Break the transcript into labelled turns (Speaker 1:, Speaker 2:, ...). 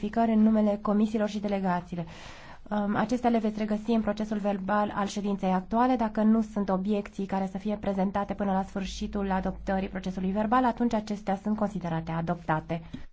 Speaker 1: modificări în numele comisiilor și delegațiile. Um, acestea le veți regăsi în procesul verbal al ședinței actuale. Dacă nu sunt obiecții care să fie prezentate până la sfârșitul adoptării procesului verbal, atunci acestea sunt considerate adoptate.